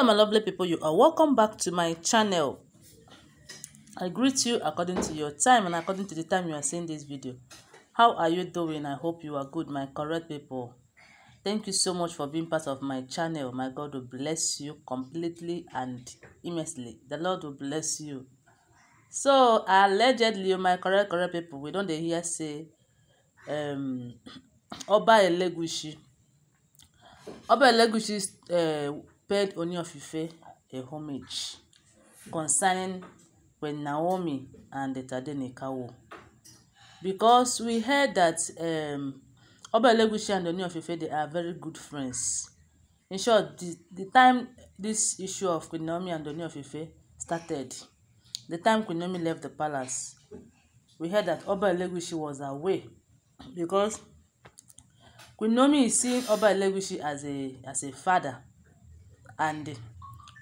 hello my lovely people you are welcome back to my channel i greet you according to your time and according to the time you are seeing this video how are you doing i hope you are good my correct people thank you so much for being part of my channel my god will bless you completely and immensely the lord will bless you so allegedly my correct correct people we don't hear say um oba elegushi oba elegushi uh, paid Ooni a homage concerning when Naomi and Tadenikawo. Because we heard that um, Oba and Ooni they are very good friends. In short, the, the time this issue of Queen Naomi and Ooni started, the time Queen Naomi left the palace, we heard that Oba was away because Queen Naomi is seeing Oba as a as a father and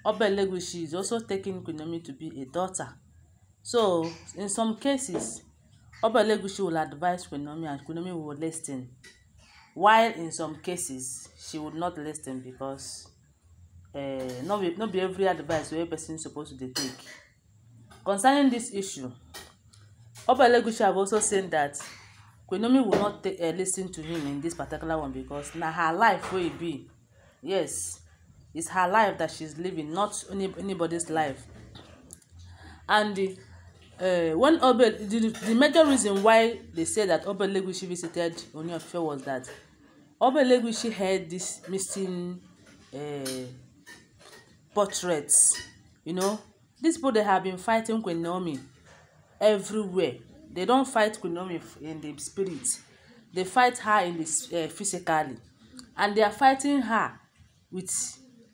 Obelegushi is also taking Kunomi to be a daughter. So, in some cases, Obelegushi will advise Kunomi and Kunomi will listen. While in some cases, she would not listen because uh, eh, not, be, not be every advice wey person supposed to take. Concerning this issue, Obelegushi have also said that Kunomi will not take, uh, listen to him in this particular one because now her life will e be. Yes, it's her life that she's living not any, anybody's life and the, uh, when Obel the, the major reason why they say that Obel Obelegushi visited Ooni was that Obel Obelegushi had this missing uh, portraits you know these people they have been fighting Queen Naomi everywhere they don fight Queen Naomi in the spirit they fight her in the uh, physically and they are fighting her with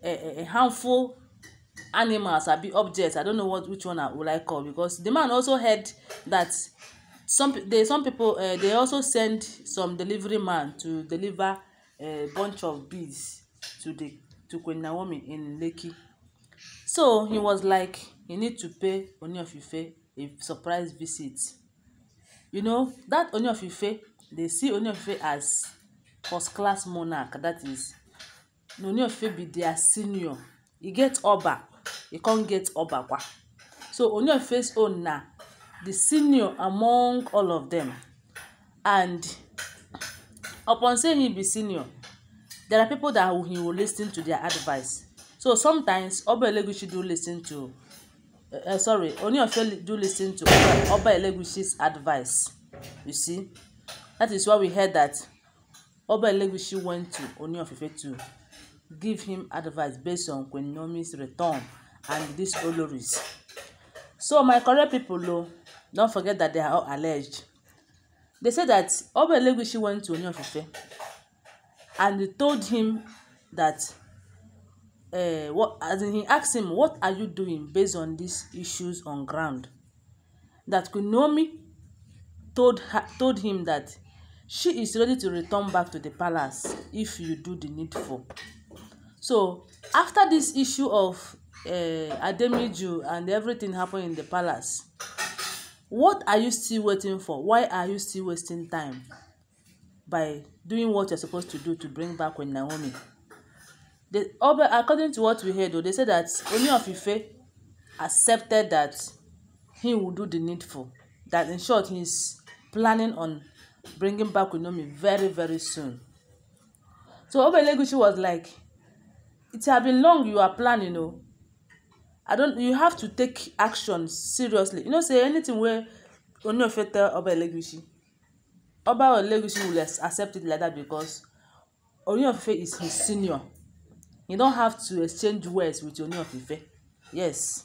uh, harmful animals abi objects i don't know what which one i would like call because the man also heard that some they some people uh, they also send some delivery man to deliver a bunch of bees to the to Queen Naomi in Lekki so he was like you need to pay Ooni of Ife a surprise visit you know that Ooni of Ife they see Ooni of Ife as first class monarch that is na Onyefefe be their senior e get Oba e come get Oba kwa so Onyefefe's own na the senior among all of them and upon say he be senior there are people that he will lis ten to their advice so sometimes Oba Elegushi do lis ten to uh, uh sorry Oniofe do lis ten to Oba, Oba Eleguchi's advice you see that is why we heard that Oba Elegushi went to Oniofe too give him advice based on Queen Naomi's return and these oloris so my correct people o don forget that they are all alleged they say that Oba Elegushi went to Ooni and told him that uh, what as he asked him what are you doing based on these issues on ground that Queen Naomi told told him that she is ready to return back to the palace if you do the needful So after this issue of uh, Ademiju and everything happened in the palace, what are you still waiting for? Why are you still wasting time by doing what you're supposed to do to bring back Queen Naomi? The, according to what we hear though, they say that Ooni of accepted that he will do the needful. That in short, he's planning on bringing back Queen Naomi very, very soon. So Oba Elegushi was like, it have been long you are planning know. Oh. i don't. you have to take action seriously you know say anything wey Oniofe tell Oba Elegushi Oba Elegushi will accept it like that because Oniofe is his senior you don't have to exchange words with Oniofe yes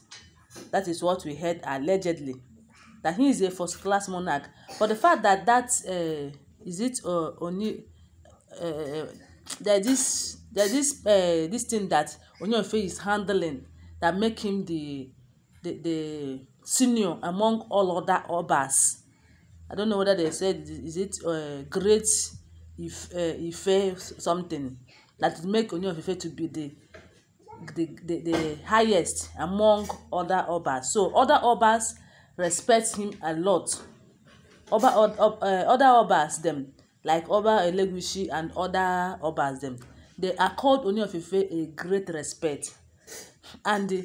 that is what we heard allegedly that he is a first class monarch but the fact that that uh, is it uh, Oni uh, eh, eh, there is there's this uh, this thing that Onyefe is handling that make him the the, the senior among all other obas i don't know whether they said is it uh, great if uh, eh, ife something that make Onyefe to be the the, the the highest among other obas so other obas respect him a lot oba uh, other obas dem like oba elegushi and other obas dem they accord Ooni of Ife a great respect and the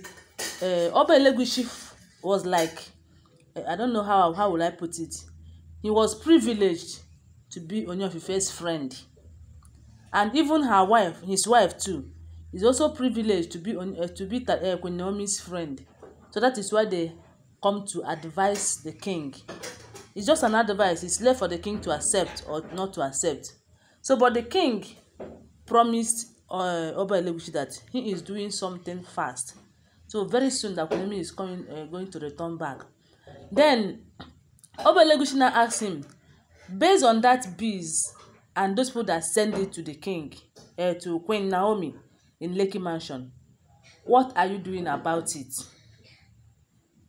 uh, Oba Elegushi was like eh, I don't know how how will I put it he was privileged to be Ooni of Ife's friend and even her wife his wife too is also privileged to be on, uh, to be uh, Queen friend so that is why they come to advise the king it's just an advice it's left for the king to accept or not to accept so but the king promised uh, Oba Elegushi that he is doing something fast. So very soon Dakunemi is coming, uh, going to return back. Then Oba Elegushi now asks him, based on that biz and those people that send it to the king, uh, to Queen Naomi in Lekki Mansion, what are you doing about it?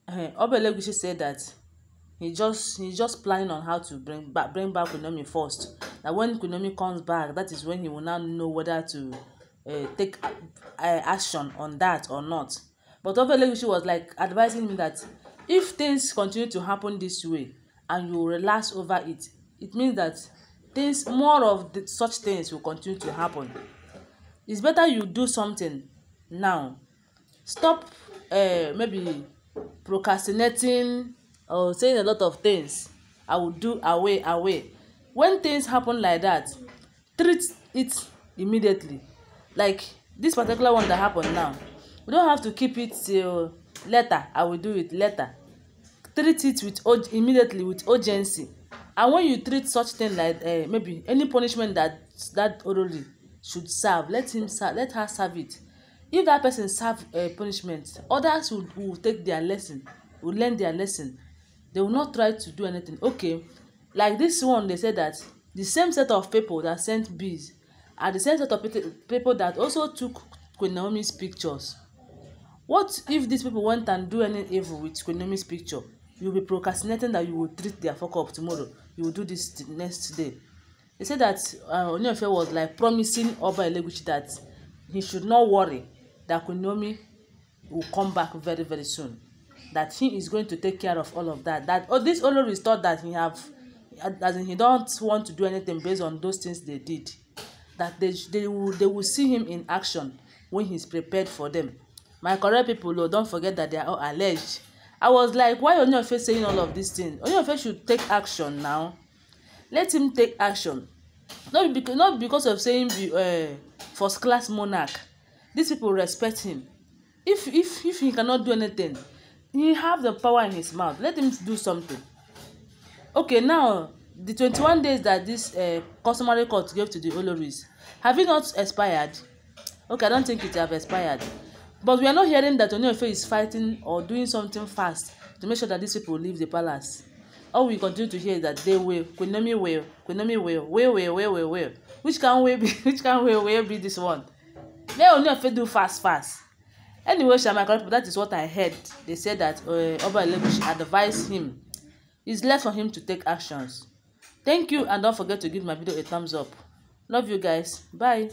Uh, Oba Elegushi said that he just he's just planning on how to bring back bring back Naomi first that when Kunomi comes back, that is when he will now know whether to uh, take uh, action on that or not. But Ofelegushi was like advising him that if things continue to happen this way and you relax over it, it means that things more of the, such things will continue to happen. It's better you do something now. Stop uh, maybe procrastinating or saying a lot of things. I will do away away when things happen like that treat it immediately like this particular one that happen now we don't have to keep it till later i will do it later treat it with immediately with urgency and when you treat such thing like uh, maybe any punishment that that orally should serve let him serve let her serve it if that person serve uh, punishment others will, will take their lesson will learn their lesson they will not try to do anything okay like this one dey say that the same set of people that sent bees are the same set of people that also took Queen Naomi's pictures. What if these people went and do any evil with Queen Naomi's picture? You'll be procrastinating that you will treat their fuck up tomorrow. You will do this the next day. They said that uh, Onyefe was like promising Oba Elegushi that he should not worry that Queen Naomi will come back very very soon. That he is going to take care of all of that. That oh, this Olori is thought that he have as in he don't want to do anything based on those things they did that they they will they will see him in action when he's prepared for them my correct people o don't forget that they are all alleged i was like why Ooni-Ife saying all of these things Ooni-Ife should take action now let him take action not because not because of saying be uh, first class monarch these people respect him if if if he cannot do anything he have the power in his mouth let him do something Okay, now the twenty-one days that this uh, customary court gave to the Oloris, have it not expired? Okay, I don't think it have expired. But we are not hearing that Onyefe is fighting or doing something fast to make sure that these people leave the palace. All we continue to hear is that they will, Queen will, Queen will, will, will, will, will, will. Which can will be, which can will, will be this one? May Onyefe do fast, fast. Anyway, Shama, that is what I heard. They said that uh, Oba advised him It's left for him to take actions. Thank you and don't forget to give my video a thumbs up. Love you guys. Bye.